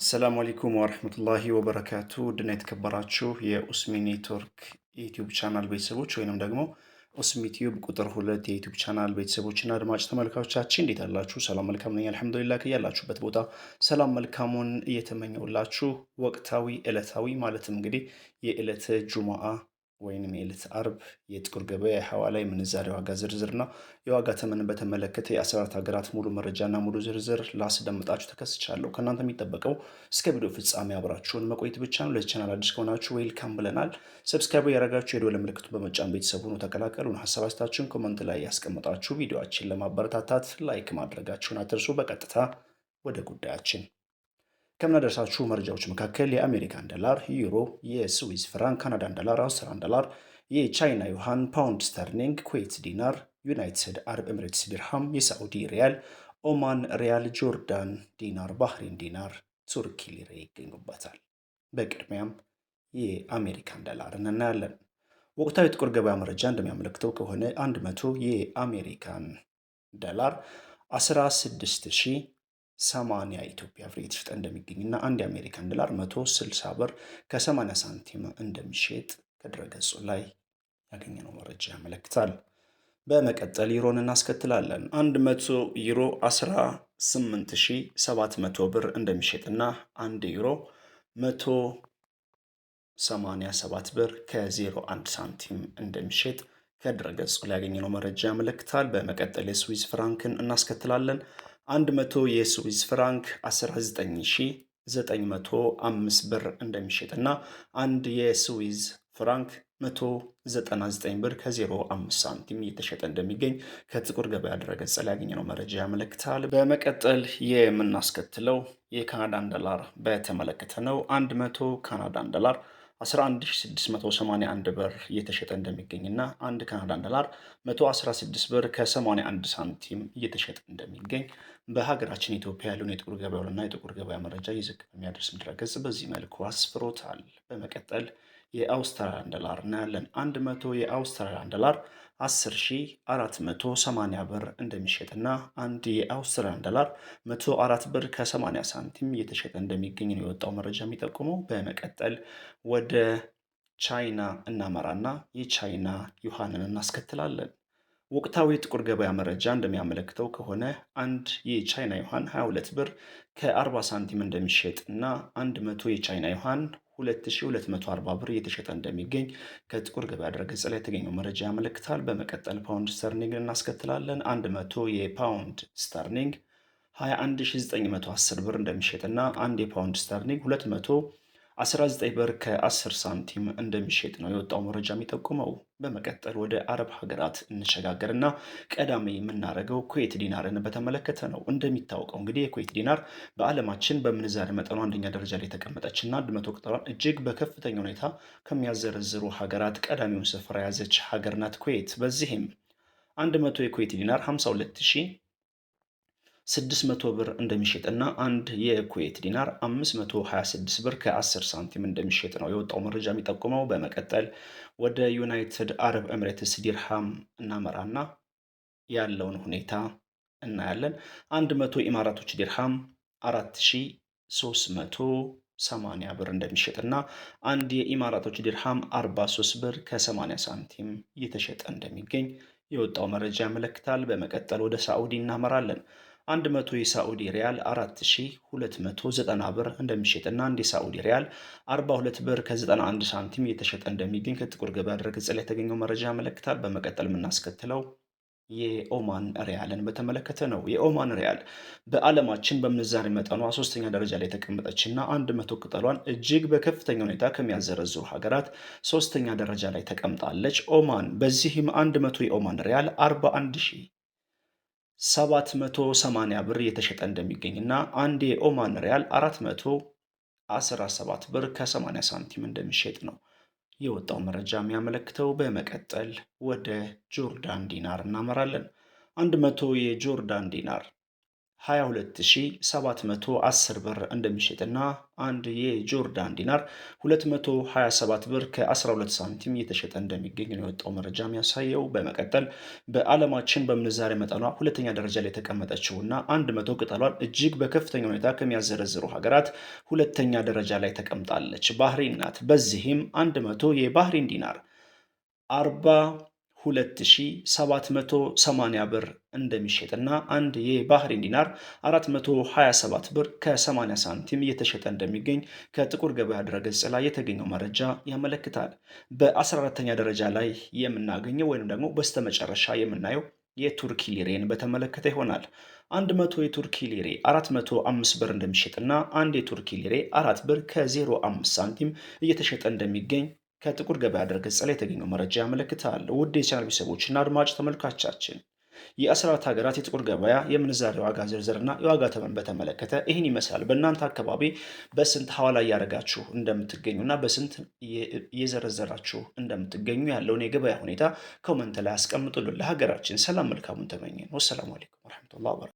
አሰላሙ አለይኩም ወረህመቱላሂ ወበረካቱ ድና የተከበራችሁ የኡስሚ ኔትወርክ የዩቲዩብ ቻናል ቤተሰቦች ወይንም ደግሞ ኡስሚ ቲዩብ ቁጥር ሁለት የዩቲዩብ ቻናል ቤተሰቦችና አድማጭ ተመልካቾቻችን እንዴት አላችሁ? ሰላም መልካም ነኝ አልሐምዱሊላ። ከያላችሁበት ቦታ ሰላም መልካሙን እየተመኘውላችሁ ወቅታዊ ዕለታዊ ማለትም እንግዲህ የዕለተ ጁሙአ ወይንም የዕለተ አርብ የጥቁር ገበያ የሐዋላ የምንዛሬ ዋጋ ዝርዝርና የዋጋ ተመን በተመለከተ የአስራት ሀገራት ሙሉ መረጃና ሙሉ ዝርዝር ላስደምጣችሁ ተከስቻለሁ። ከእናንተ የሚጠበቀው እስከ ቪዲዮ ፍጻሜ አብራችሁን መቆየት ብቻ ነው። ለዚህ ቻናል አዲስ ከሆናችሁ ዌልካም ብለናል። ሰብስክራይብ ያደረጋችሁ የደወል ምልክቱን በመጫን ቤተሰብ ሆኑ ተቀላቀሉን። ሀሳብ አስተያየታችሁን ኮመንት ላይ ያስቀምጣችሁ። ቪዲዮችን ለማበረታታት ላይክ ማድረጋችሁን አትርሱ። በቀጥታ ወደ ጉዳያችን ከምናደርሳችሁ መረጃዎች መካከል የአሜሪካን ዶላር፣ ዩሮ፣ የስዊዝ ፍራንክ፣ ካናዳን ዶላር፣ አውስትራን ዶላር፣ የቻይና ዩሃን፣ ፓውንድ ስተርሊንግ፣ ኩዌት ዲናር፣ ዩናይትድ አረብ ኤምሬትስ ዲርሃም፣ የሳዑዲ ሪያል፣ ኦማን ሪያል፣ ጆርዳን ዲናር፣ ባህሬን ዲናር፣ ቱርኪ ሊሬ ይገኙበታል። በቅድሚያም የአሜሪካን ዶላር እናያለን። ወቅታዊ ጥቁር ገበያ መረጃ እንደሚያመለክተው ከሆነ 100 የአሜሪካን ዶላር 16 ሰማንያ ኢትዮጵያ ብር የተሸጠ እንደሚገኝ እና አንድ የአሜሪካን ዶላር 160 ብር ከ80 ሳንቲም እንደሚሸጥ ከድረገጹ ላይ ያገኘነው መረጃ ያመለክታል። በመቀጠል ዩሮን እናስከትላለን። 100 ዩሮ 18700 ብር እንደሚሸጥና 1 ዩሮ 187 ብር ከ01 ሳንቲም እንደሚሸጥ ከድረገጹ ላይ ያገኘነው መረጃ ያመለክታል። በመቀጠል የስዊዝ ፍራንክን እናስከትላለን። 100 የስዊዝ ፍራንክ 19905 ብር እንደሚሸጥና አንድ የስዊዝ ፍራንክ 199 ብር ከ05 ሳንቲም እየተሸጠ እንደሚገኝ ከጥቁር ገበያ ድረገጽ ላይ ያገኘነው መረጃ ያመለክታል። በመቀጠል የምናስከትለው የካናዳን ዶላር በተመለከተ ነው። 100 ካናዳን ዶላር 11681 ብር እየተሸጠ እንደሚገኝና አንድ ካናዳን ዶላር 116 ብር ከ81 ሳንቲም እየተሸጠ እንደሚገኝ በሀገራችን ኢትዮጵያ ያለውን የጥቁር ገበያውንና የጥቁር ገበያ መረጃ ይዘግብ የሚያደርስ ድረገጽ በዚህ መልኩ አስፍሮታል። በመቀጠል የአውስትራሊያን ዶላር እናያለን። 100 የአውስትራሊያን ዶላር 10480 ብር እንደሚሸጥና አንድ የአውስትራሊያን ዶላር 104 ብር ከ80 ሳንቲም እየተሸጠ እንደሚገኝ ነው የወጣው መረጃ የሚጠቁመው። በመቀጠል ወደ ቻይና እናመራና የቻይና ዩሃንን እናስከትላለን። ወቅታዊ ጥቁር ገበያ መረጃ እንደሚያመለክተው ከሆነ አንድ የቻይና ዩሃን 22 ብር ከ40 ሳንቲም እንደሚሸጥ እና 100 የቻይና ዩሃን 2240 ብር እየተሸጠ እንደሚገኝ ከጥቁር ገበያ ድረገጽ ላይ የተገኘው መረጃ ያመለክታል። በመቀጠል ፓውንድ ስተርሊንግን እናስከትላለን። 100 የፓውንድ ስተርሊንግ 21910 ብር እንደሚሸጥና አንድ የፓውንድ ስተርሊንግ 200 19 ብር ከ10 ሳንቲም እንደሚሸጥ ነው የወጣው መረጃ የሚጠቁመው። በመቀጠል ወደ አረብ ሀገራት እንሸጋገርና ቀዳሚ የምናደርገው ኩዌት ዲናርን በተመለከተ ነው። እንደሚታወቀው እንግዲህ የኩዌት ዲናር በዓለማችን በምንዛሪ መጠኑ አንደኛ ደረጃ ላይ የተቀመጠችና አንድ መቶ ቁጥሯን እጅግ በከፍተኛ ሁኔታ ከሚያዘረዝሩ ሀገራት ቀዳሚውን ስፍራ የያዘች ሀገር ናት ኩዌት። በዚህም 100 የኩዌት ዲናር 52 600 ብር እና አንድ የኩዌት ዲናር 526 ብር ከ10 ሳንቲም እንደሚሸጥ ነው የወጣው መረጃ የሚጠቁመው። በመቀጠል ወደ ዩናይትድ አረብ ኤምሬትስ ዲርሃም እናመራና ያለውን ሁኔታ እናያለን። 100 ኢማራቶች ዲርሃም 4380 ብር እና አንድ የኢማራቶች ዲርሃም 43 ብር ከ80 ሳንቲም እየተሸጠ እንደሚገኝ የወጣው መረጃ ያመለክታል። በመቀጠል ወደ ሳዑዲ እናመራለን። 100 የሳዑዲ ሪያል 4290 ብር እንደሚሸጥና አንድ የሳዑዲ ሪያል 42 ብር ከ91 ሳንቲም የተሸጠ እንደሚገኝ ከጥቁር ገበያ ድረገጽ ላይ የተገኘው መረጃ ያመለክታል። በመቀጠል የምናስከትለው የኦማን ሪያልን በተመለከተ ነው። የኦማን ሪያል በዓለማችን በምንዛሬ መጠኗ ሶስተኛ ደረጃ ላይ የተቀመጠች እና አንድ መቶ ቅጠሏን እጅግ በከፍተኛ ሁኔታ ከሚያዘረዝሩ ሀገራት ሶስተኛ ደረጃ ላይ ተቀምጣለች። ኦማን በዚህም አንድ መቶ የኦማን ሪያል 41 ሺህ 780 ብር የተሸጠ እንደሚገኝ እና አንድ የኦማን ሪያል 417 ብር ከ80 ሳንቲም እንደሚሸጥ ነው የወጣው መረጃ የሚያመለክተው። በመቀጠል ወደ ጆርዳን ዲናር እናመራለን። 100 የጆርዳን ዲናር 22710 ብር እንደሚሸጥና አንድ የጆርዳን ዲናር 227 ብር ከ12 ሳንቲም እየተሸጠ እንደሚገኝ ነው የወጣው መረጃ የሚያሳየው። በመቀጠል በዓለማችን በምንዛሬ መጠኗ ሁለተኛ ደረጃ ላይ እና አንድ መቶ ቅጠሏን እጅግ በከፍተኛ ሁኔታ ከሚያዘረዝሩ ሀገራት ሁለተኛ ደረጃ ላይ ተቀምጣለች። ባህሬን ናት። በዚህም 100 የባህሬን ዲናር 40 2780 ብር እንደሚሸጥና አንድ የባህሪን ዲናር 427 ብር ከ80 ሳንቲም እየተሸጠ እንደሚገኝ ከጥቁር ገበያ ድረገጽ ላይ የተገኘው መረጃ ያመለክታል። በ14ተኛ ደረጃ ላይ የምናገኘው ወይም ደግሞ በስተመጨረሻ የምናየው የቱርኪ ሊሬን በተመለከተ ይሆናል። 100 መቶ የቱርኪ ሊሬ 405 ብር እንደሚሸጥና አንድ የቱርኪ ሊሬ 4 ብር ከ05 ሳንቲም እየተሸጠ እንደሚገኝ ከጥቁር ገበያ ድረገጽ ላይ የተገኘው መረጃ ያመለክታል። ውድ የቻናል ቤተሰቦችና አድማጭ ተመልካቻችን የአስራት ሀገራት የጥቁር ገበያ የምንዛሬ ዋጋ ዝርዝርና የዋጋ ተመን በተመለከተ ይህን ይመስላል። በእናንተ አካባቢ በስንት ሐዋላ እያደረጋችሁ እንደምትገኙና በስንት እየዘረዘራችሁ እንደምትገኙ ያለውን የገበያ ሁኔታ ኮመንት ላይ አስቀምጡልን። ለሀገራችን ሰላም መልካሙን ተመኘን። ወሰላሙ አሌይኩም ረመቱላ